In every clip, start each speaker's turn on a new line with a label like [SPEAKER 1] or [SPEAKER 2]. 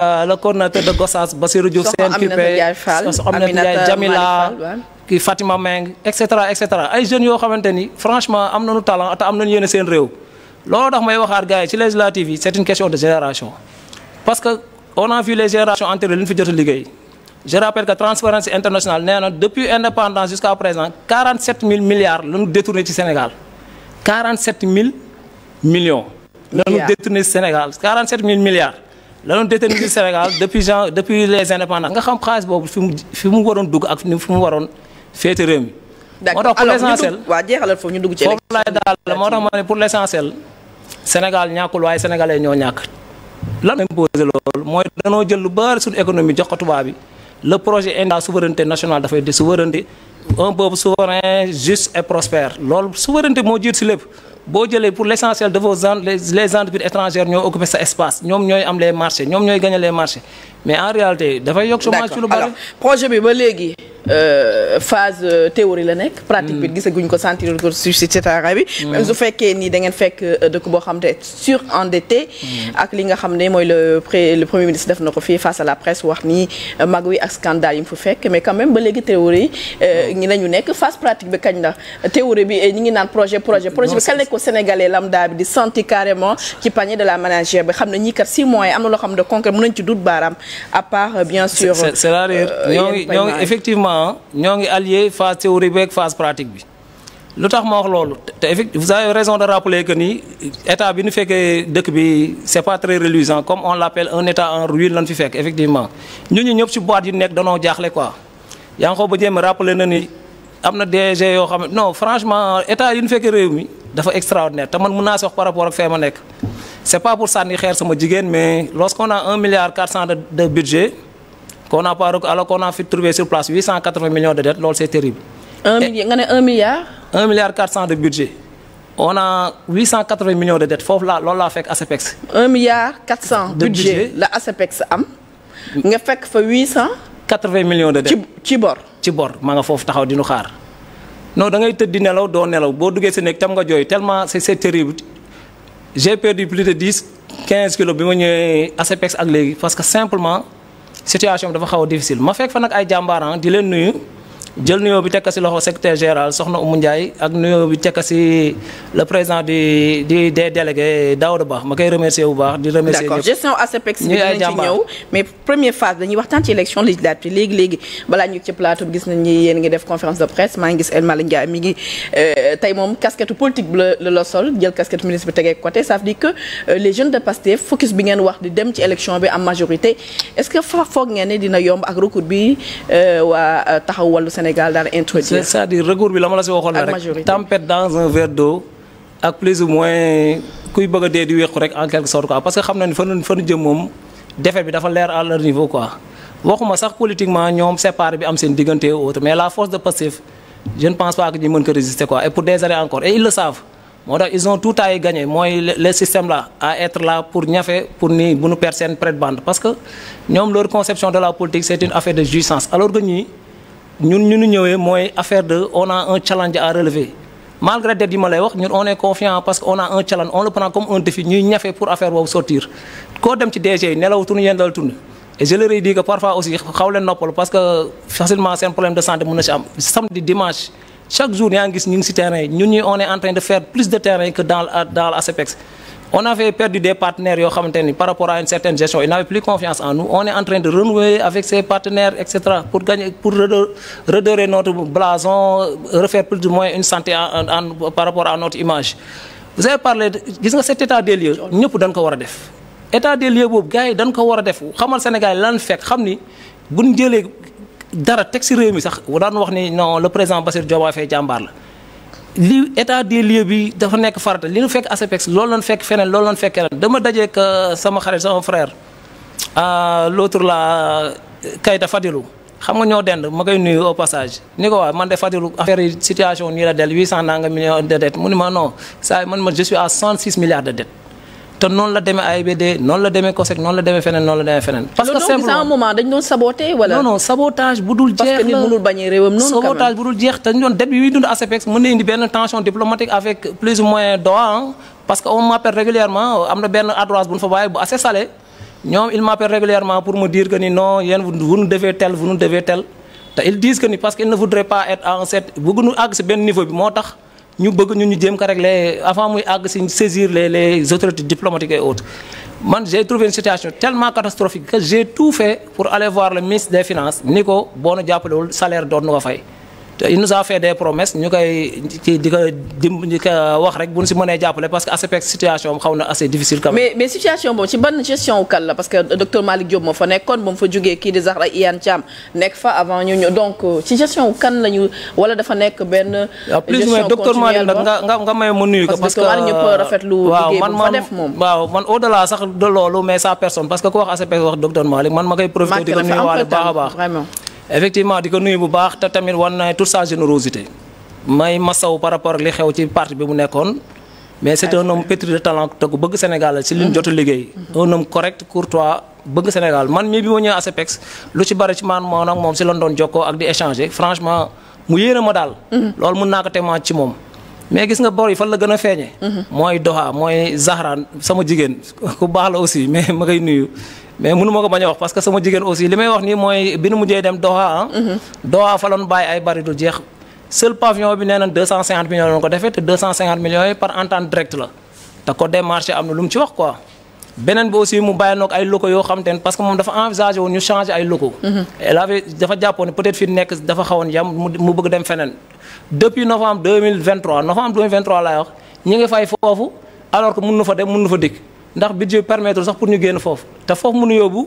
[SPEAKER 1] Euh, le coordinateur de Gossas Bassirou Diouf Sène Kipé Aminata Jamila kii Fatima Meng et cetera et cetera ay jeunes yoo xamante ni franchement am nañu talent te am nañu yéene seen réew looloo tax may waxaat gars ci législative yi c'est une question de génération parce que on a vu les générations antérieures li fi jot a liggéey je rappelle que Transparency International nee na depuis indépendance jusqu'à présent 47 000 milliards lañu détourné ci Sénégal 47 000 millions lañu détourné ci Sénégal 47 000 milliards la doon déterminer Sénégal depuis genre depuis les indépendants nga xam xaalis boobu fi mu fi mu waroon dugg ak fi mu waroon féete réew mi. moo tax pour ñu dugg ci foofu laay daal moo tax ma ne pour l' essentiel Sénégal ñàkkul waaye sénégalais ñoo ñàkk. lan lañ imposé loolu mooy danoo jël lu bari suñu économie jox ko tubaab bi le projet inda souveraineté nationale dafay di souveraineté un peuple souverain juste et prospère loolu souveraineté moo jiit si lépp. boo jëlee pour l' essentiel de vos les entreprises étrangères ñoo occupé sa espace ñoom ñooy am les marchés ñoom ñooy gagné les marchés mais en réalité dafay yokk chômage ci lu bari projet bi ba léegi Euh,
[SPEAKER 2] phase euh, théorie la nekk. pratique bi mm. gisaguñ ko sentir ko ci terrain bi. Mm. même su fekkee ni da ngeen fekk euh, dëkk boo xam ne surendetté. Mm. ak li nga xam ne mooy le pré le premier ministre def na ko fii face à la presse wax ni mag wi ak scandale yi mu fa fekk mais quand même ba léegi théorie ñi la ñu nekk phase pratique bi kañ la théorie bi ñi ngi naan projet projet projet bi kañ la ko sénégalais lambda bi di senti carrément ci panier de la ménagère xam na loo
[SPEAKER 1] xam ne ñoo ngi allier phase théorie beeg phase pratique bi lu tax ma wax loolu te effectivement vous avez raison de rappeler que ni état bi nu fekkee dëkk bi c'est pas très reluisant comme on l'appelle un état en ruine lan fi fekk effectivement ñu ñu ñëpp ci boîte yi nekk danoo jaaxle quoi yaa ngi ko jéem rappeler na ni am na DG yoo xam ne franchement état yi nu fekkee réew mi dafa extraordinaire te man mën naa si wax par rapport ak fee ma nekk c'est pas pour a qu'on a pas alors qu'on a fait trouver sur place 880 millions de dettes loolu c'est terrible. un milliard nga ne un milliard. cent de budget on a 880 de dettes foofu laa loolu laa fekk ASEPEX. am. nga fekk fa 800. de dettes ci bor. ci bor maa nga foofu taxaw di nu xaar no da ngay tëdd di nelaw doo nelaw boo duggee si nekk tam nga jooy tellement c'est c'est terrible j'ai perdu plus de 10 15 kilos bi ma ñëwee ASEPEX ak léegi parce que simplement. situation bi dafa xaw a ma fekk fa nag ay jàmbaar ah di leen nuyu. jël nuyoo bi tekka si loxo secrétaire général soxna Oumou Ndiaye ak nuyoo bi tekka si le président du du des délégués Ba ma koy remercier bu baax. di remercier d'accord bi
[SPEAKER 2] dinañ ci ñëw mais ci plateau gis nañ ni yéen ngi def conférence de presse maa ngi gis El mi ngi euh, tey moom casquette politique bi la la sol jël casquette ministre bi tegee côté ça veut dire que euh, les jeunes de Pastef focus bi ngeen wax di dem ci élection bi am majorité est-ce que foog ngeen ne dina yomb ak recours bi euh, Sénégal daal
[SPEAKER 1] si waxoon la rek tempête dans un verre ak plus ou moins kuy bëgg dee di wéqu rek en quelque sorte quoi parce que xam na ni fan fan jëm moom défaite bi dafa leer à leur niveau quoi waxuma sax politiquement ñoom séparé bi am seen diggante autre mais la force de Pastef je pense pas que ñu mën ko résister quoi et pour des années encore et ils le moo tax ils ont tout à y gagner mooy le système là à être là pour ñafe pour ni bu ñu perdre seen prête bande ñun ñu ñu ñëwee mooy affaire de on a un challenge à relever malgré det yi ma lay wax ñun on est parce que on a un challenge on le prend comme un défi ñuy ñafe pour affaire boobu sortir koo dem ci DG yi nelaw tund yendal tund et je leur ai parfois aussi xaw leen noppal parce que facilement seen problème de santé mën na si am samedi dimanche chaque jour yaa ngi gis si terrain ñun ñuy on est en train de faire plus de terrain que dans dans on avait perdu des partenaires yoo xamante ni par rapport à une certaine gestion ils n'avaient plus confiance en nous on est en train de renouer avec ces partenaires etc pour gagner pour redorer notre blason refaire plus ou moins une santé en, par rapport à notre image vous avez parlé gis nga cet état des lieux ñëpp dañ ko war a def état des lieux boobu gars yi dañ ko war a def xamal Sénégal lan fekk xam ni buñ jëlee dara teg si réew mi sax daan wax ni non le président Bassirou Diomaye Faye jàmbaar la li état des lieux bi dafa nekk farata li nu fekk ASEPEX lool lañ fekk feneen loolu lañ fekkee ren dama dajeek euh, sama xarit sama frère euh, l'autre la euh, Kayta Fadilou xam nga ñoo dend ma koy nuyu au passage ni ko waa man de Fadilou affaire yi situation nii la del 800 nanga millions de dettes mu ni ma non saa man ma je suis à 106 milliards de dettes te noonu la demee AIBD noonu la demee COSEC noonu la demee feneen noonu la demee feneen. parce
[SPEAKER 2] que simplement un moment dañ doon saboté wala. a réewam noonu. sabotage bu dul
[SPEAKER 1] jeex te ñu doon dette bi ñuy dund ACPEX mën na indi benn tension diplomatique avec plus ou moins Doha parce que on m'appelle régulièrement am na benn adresse bu ñu fa bàyyi bu assez salé ñoom il m'appelle régulièrement pour me dire que ni non yéen vous nous devez tel vous nous devez tel te ils disent que ñu bëgg ñun ñu ka ko régler avant muy àgg si saisir les les autorités diplomatiques et autres man j'ai trouvé une situation tellement catastrophique que j'ai tout fait pour aller voir le ministre des finances ni ko boo nu jàppalewul salaire doon nu ko fay il nous a fait des promesses ñu koy ci di ko di wax rek bu ñu si mënee jàppale parce que ASEPEX situation am xaw na assez difficile. quand même
[SPEAKER 2] mais mais situation boobu ci ban gestion wu kan la parce que docteur Malick Diop moo fa nekkoon kan la wala dafa nekk benn. Ah, gestion docteur Malick nag nga
[SPEAKER 1] nga may ma nuyu ko. parce que ñëpp rafetlu liggéey parce que ku wax ASEPEX wax docteur Malick man ma koy. profité baax a baax effectivement di ko nuyu bu baax te tamit wan na toute sa générosité may masaw par rapport ak li xew ci parti bi mu nekkoon mais c'est un homme pétri de talent te ku bëgg Sénégal la ci li ñu mm. jot a liggéey mm-hmm. un homme correct courtois bëgg Sénégal man mii bi ma ñëwee ASEPEX lu ci bari ci man moo nag moom si lañ doon jokkoo ak di échanger franchement mu yéene ma daal mm-hmm. loolu mun naa ko témoin ci moom mais gis nga bor yi fan la gën a feeñee. Mm-hmm. mooy Doha mooy Zahra sama jigéen ku baax la aussi mais ma koy nuyu. mais mënu ma ko bañ a wax parce que sama jigéen aussi li may wax nii mooy bi nu mujjee dem Doha ah. Mm-hmm. Doha fa loon bàyyi ay bari du jeex. seul pavillon bi nee na 250 millions la ko defee te 250 millions yi par entente directe la te ko démarché am na lu mu ci wax quoi. beneen bi aussi mu bàyyi noog ay locaux yoo xam te ne parce que moom dafa envisagé woon ñu changé ay locaux. Mhm. elle avait dafa jàppoon ne peut-être fi nekk dafa xawoon yam mu bëgg dem feneen. depuis novembre 2023 novembre 2023 laay wax ñi ngi fay foofu alors que mun na fa dem mun na fa dikk ndax budget permettre sax pour ñu génn foofu te foofu mun yóbbu.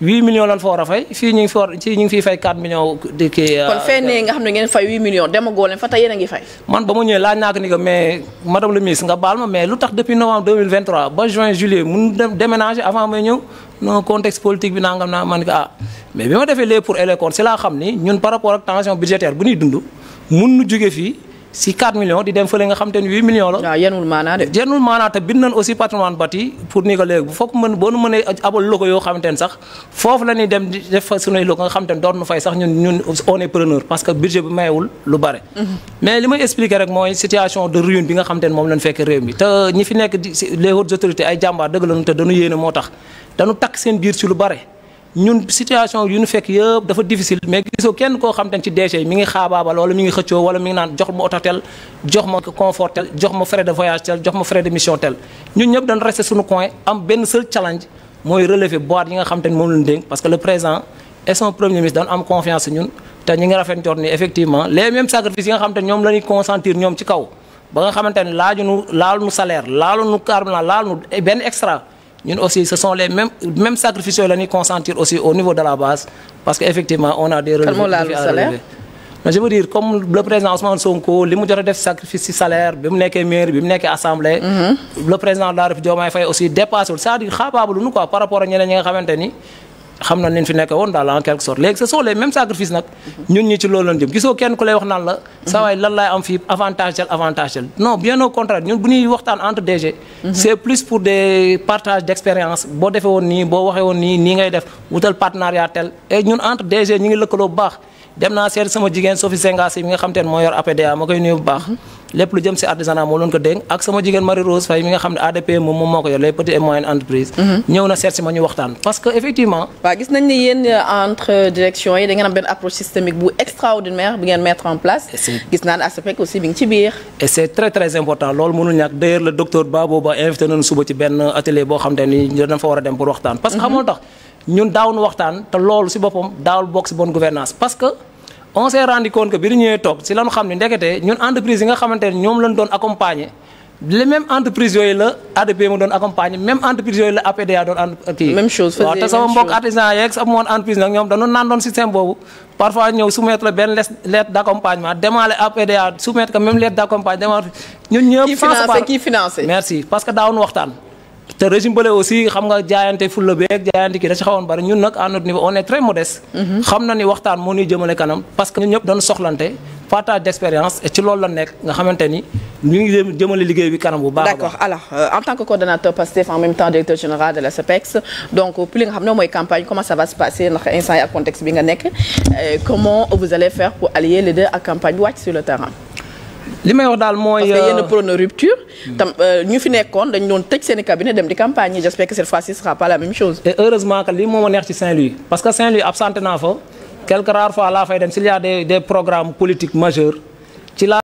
[SPEAKER 1] 8 millions lan fa war a fay fii ñu ngi fi war fii fay 4 millions. di kii euh, kon fenn
[SPEAKER 2] nga xam ne ngeen fay 8
[SPEAKER 1] millions demagoo leen fa tey yéen a ngi fay. man ba mu ñëwee laaj naa ko mais madame le ministre nga baal ma mais lu tax depuis novembre 2023 ba juin juillet mun dem déménager avant may ñëw non contexte politique bi nangam naa man ah. mais bi ma defee les pour et les contre si laa xam ni ñun par rapport ak tension budgétaire bu ñuy dund mun si 4 millions di dem fële nga xam te ne 8 millions la. waaw yenul maanaa de. yenul maanaa aussi patrimoine bâti pour ni ko léegi bu fokk mën boo nu mënee abal logo yoo xamante sax foofu la ñuy dem def fa sunuy logo nga xam te doon nu fay sax ñun ñun on preneur parce que budget bi mayewul lu bare. Mhm. mais li may expliquer rek mooy situation de ruine bi nga xam ne moom lañ fekk réew mi te ñi fi nekk di les hautes autorités ay jàmbaar dëgg bare. ñun situation yu ñu fekk yëpp dafa difficile mais gisoo kenn koo xam te ci DG mi ngi xaabaabal wala mi ngi xëccoo wala mi ngi naan jox ma oto tel jox ma confort tel jox ma frais de voyage tel jox ma frais de mission tel ñun ñëpp dañ resté suñu coin am benn seul challenge mooy relever boîte yi nga xam te moom lañu dénk parce que le président et son premier ministre dañu am confiance ñun te ñu ngi rafetlu ni effectivement les mêmes sacrifices yi nga xam te ñoom la ñuy consentir ñoom ci kaw ba nga xamante ne laaju extra ñun aussi ce sont les mêmes même sacrifices yooyu la ñuy consentir aussi au niveau de la base parce que effectivement on a des relevés je veux dire comme le président Ousmane Sonko li mu jot a def sacrifice ci salaire bi mu nekkee maire bi mu nekkee assemblée. Mhm. le président de la République Diomaye Faye aussi dépassé wul c'est-à-dire xaabaabuluñu quoi par rapport ak ñeneen ñi nga xamante ni. xam na nin fi nekk woon daal en quelque sorte léegi ce sont les mêmes sacrifices nag ñun ñi ci loolu jëm gisoo kenn ku lay wax naan la saa waay am fii avantage tel avantage tel non bien au contraire ñun bu ñuy waxtaan entre DG mhm. c'est plus pour des partages d'expérience boo defee woon nii boo waxee woon nii nii ngay def wutal partenariat tel et ñun entre DG ñu ngi lëkkaloo bu baax dem naa seet sama jigéen Sophie Sengassi mi nga xam te ne moo yor APDA ma koy bu baax mhm. lépp lu jëm si artisanat moo loon ko dénk ak sama jigéen Marie Rose Faye mi nga xam ne ADP moom moom moo ko yor les petites et moyennes entreprises mhm. ñëw na seet si ma ñu waxtaan parce que effectivement waaw
[SPEAKER 2] gis nañ ne yéen euh, entre direction yi da am benn approche systémique bu extraordinaire bi ngeen mettre en place gis naan ASEPEC aussi bi ngi ci biir
[SPEAKER 1] et c' très très important loolu mënul ñàkk d' ailleurs le docteur Babo Ba invité nañu suba ci benn on s'est rendu compte que bi ñu ñëwee toog si lañu xam ne ndekete ñun entreprise yi nga xamante ñoom lañ doon accompagner les mêmes entreprises yooyu la ADP mu doon accompagner même entreprise yooyu la APDA doon kii. même chose faisait te sama mbokk artisan yeeg sa moon entreprise nag ñoom dañu naan doon système boobu parfois ñëw soumettre la benn lettre d' accompagnement demaale APDA soumettre que a lettre d' accompagnement demaale ñun ñëpp. kii financé kii financé merci te régime bële aussi xam nga jaayante fulla beeg jaayante kii da xawoon bari ñun nag à notre niveau on très modeste. Mhm. xam na ni waxtaan moo ñuy jëmale kanam parce que ñun ñëpp doon soxlante partage d'expérience et ci loolu la nekk nga xamante ni. ñu ngi jëmale liggéey bi kanam bu baax d'accord alors
[SPEAKER 2] euh, en tant que coordonnateur Pastef en même directeur général de la SEPEX donc euh, pour li nga xam ne mooy campagne comment ça va se passer ndax instant euh, campagne wàcc sur le terrain li may wax daal mooy parce que yenn euh, prône rupture. tam euh, ñu fi nekkoon dañ doon tëj seen i cabinet dem di campagne yi j'espère que cette fois-ci ce sera
[SPEAKER 1] que lii moo ma neex parce que Saint-Louis naa fa quelques rares fois laa fay dem s'il y a des des programmes politiques majeurs ci laa.